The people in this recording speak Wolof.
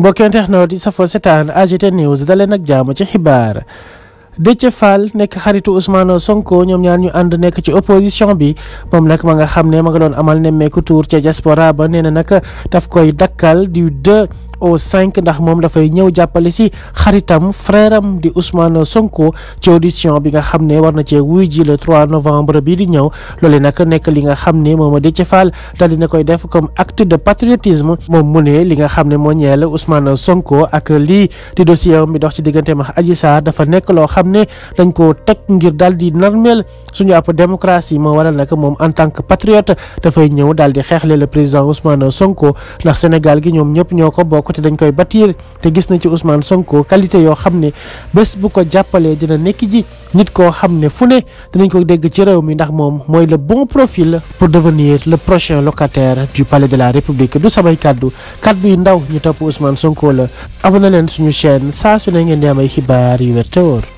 mbokkeen technologie safoo setaan AGT news daleen ak jàmm ci xibaar Déthié Fall nekk xaritu Ousmane Sonko ñoom ñaan ñu ànd nekk ci opposition bi moom nag ma nga xam ne ma nga doon amal nemmeeku tuur ca diaspora ba nee na nag daf koy dakkal di 2 au 5 ndax moom dafay ñëw jàppale si xaritam frère am di Ousmane Sonko ci audition bi nga xam ne war na cee wuy ji le 3 novembre bii di ñëw loole nag nekk li nga xam ne moom Déthié Fall daal dina koy def comme acte de patriotisme moom mu ne li nga xam ne moo ñeel Ousmane Sonko ak lii di dossier bi dox ci diggante ma Adji Sarr dafa nekk loo xam ne dañ ko teg ngir daal di narmeel suñu ab démocratie moo waral nag moom en tant que patriot dafay ñëw daal di xeexle le président Ousmane Sonko ndax Sénégal gi ñoom ñëpp ñoo ko yokkute dañ koy bâtir te gis na ci Ousmane Sonko qualité yoo xam ne bés bu ko jàppalee dina nekk ji nit koo xam ne fu ne dinañ koy dégg ci réew mi ndax moom mooy le bon profile pour devenir le prochain locataire du palais de la République du samay kàddu kàddu yu ndaw ñu topp Ousmane Sonko la abonné leen suñu chaîne saa su ne ngeen di am xibaar yu wér te